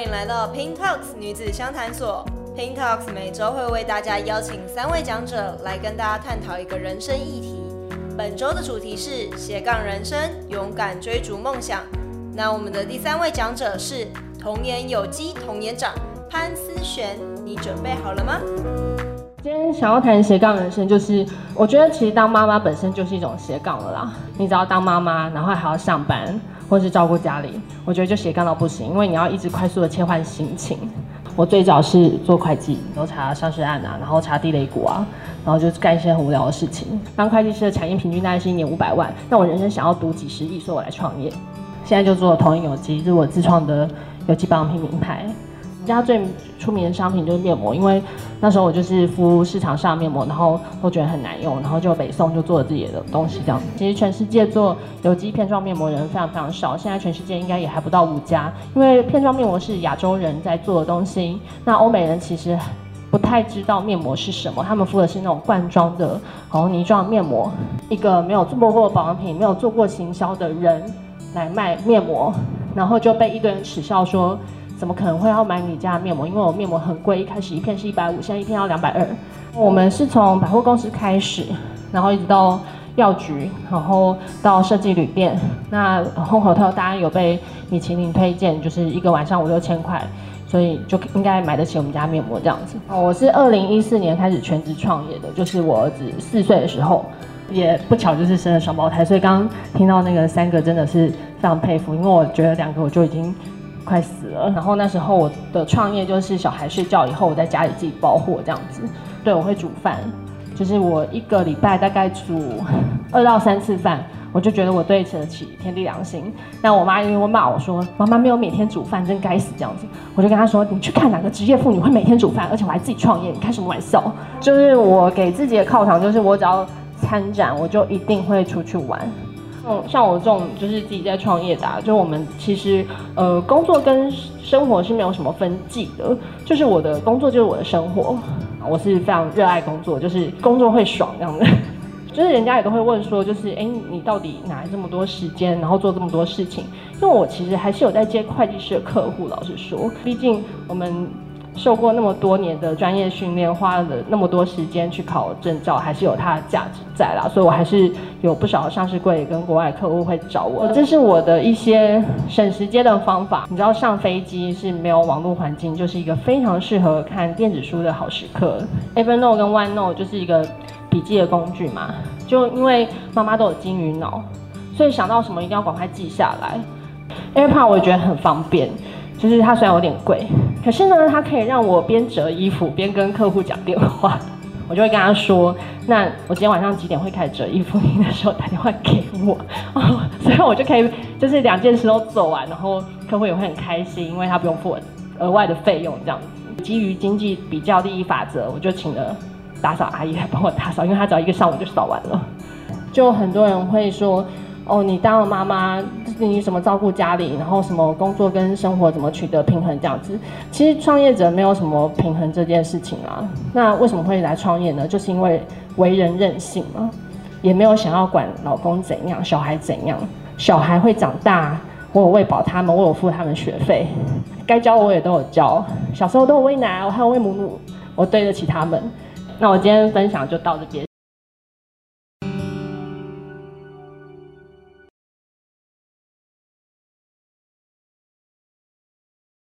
歡迎來到 Pink Talks 女子相談所。Pink Talks 每週會為大家邀請三位講者來跟大家探討一個人生議題。本週的主題是斜槓人生，勇敢追逐夢想。那我們的第三位講者是童顏有機童顏長潘思璇，你準備好了嗎？今天想要談斜槓人生，就是我覺得其實當媽媽本身就是一種斜槓了啦。你只要當媽媽，然後還要上班，或是照顧家裡，我覺得就斜槓到不行，因為你要一直快速的切換心情。我最早是做會計，然後查上市案啊，然後查地雷股啊，然後就幹一些很無聊的事情。當會計師的產業平均大概是一年五百萬，但我人生想要讀幾十億，所以我來創業。現在就做了童顏有機，是我自創的有機保養品品牌。家最出名的商品就是面膜，因為那時候我就是敷市場上的面膜，然後我覺得很難用，然後就北宋就做了自己的東西。這樣子，其實全世界做有機片狀面膜的人非常非常少，現在全世界應該也還不到五家，因為片狀面膜是亞洲人在做的東西。那歐美人其實不太知道面膜是什麼，他們敷的是那種罐裝的然後泥狀面膜。一個沒有做過保養品、沒有做過行銷的人來賣面膜，然後就被一堆人恥笑說。怎麼可能會要買你家的面膜？因為我面膜很貴，一開始一片是一百五，現在一片要兩百二。我們是從百貨公司開始，然後一直到藥局，然後到設計旅店。那 Home Hotel 大家有被米其林推薦，就是一個晚上五六千塊，所以就應該買得起我們家面膜這樣子。我是二零一四年開始全職創業的，就是我兒子四歲的時候，也不巧就是生了雙胞胎，所以剛聽到那個三個真的是非常佩服，因為我覺得兩個我就已經。快死了。然後那時候我的創業就是小孩睡覺以後，我在家裡自己包貨這樣子。對，我會煮飯，就是我一個禮拜大概煮二到三次飯，我就覺得我對得起天地良心。但我媽因為會罵我說，媽媽沒有每天煮飯，真該死這樣子。我就跟她說，你去看哪個職業婦女會每天煮飯，而且我還自己創業，你開什麼玩笑？就是我給自己的犒賞，就是我只要參展，我就一定會出去玩。像、嗯、像我這種就是自己在創業的、啊，就是我們其實，呃，工作跟生活是沒有什麼分際的，就是我的工作就是我的生活，我是非常熱愛工作，就是工作會爽這樣的，就是人家也都會問說，就是哎、欸，你到底哪來這麼多時間，然後做這麼多事情？因為我其實還是有在接會計師的客戶，老實說，畢竟我們。受過那麼多年的專業訓練，花了那麼多時間去考證照，還是有它的價值在啦。所以我還是有不少的上市櫃跟國外客戶會找我。這是我的一些省時間的方法。你知道上飛機是沒有網絡環境，就是一個非常適合看電子書的好時刻。Evernote 跟 OneNote 就是一個筆記的工具嘛。就因為媽媽都有金魚腦，所以想到什麼一定要趕快記下來，AirPod 我也覺得很方便。就是它雖然有點貴，可是呢，它可以讓我邊折衣服邊跟客戶講電話。我就會跟他說：“那我今天晚上幾點會開始折衣服？你那時候打電話給我。”哦，所以我就可以就是兩件事都做完，然後客戶也會很開心，因為他不用付我額外的費用這樣子。基於經濟比較利益法則，我就請了打掃阿姨來幫我打掃，因為他只要一個上午就掃完了。就很多人會說：“哦，你當了媽媽。”你什麼照顧家裡，然後什麼工作跟生活怎麼取得平衡這樣子？其實創業者沒有什麼平衡這件事情啊。那為什麼會來創業呢？就是因為為人任性嘛，也沒有想要管老公怎樣，小孩怎樣。小孩會長大，我有餵飽他們，我有付他們學費，該教我也都有教。小時候都有餵奶，我還有餵母乳，我對得起他們。那我今天分享就到這邊。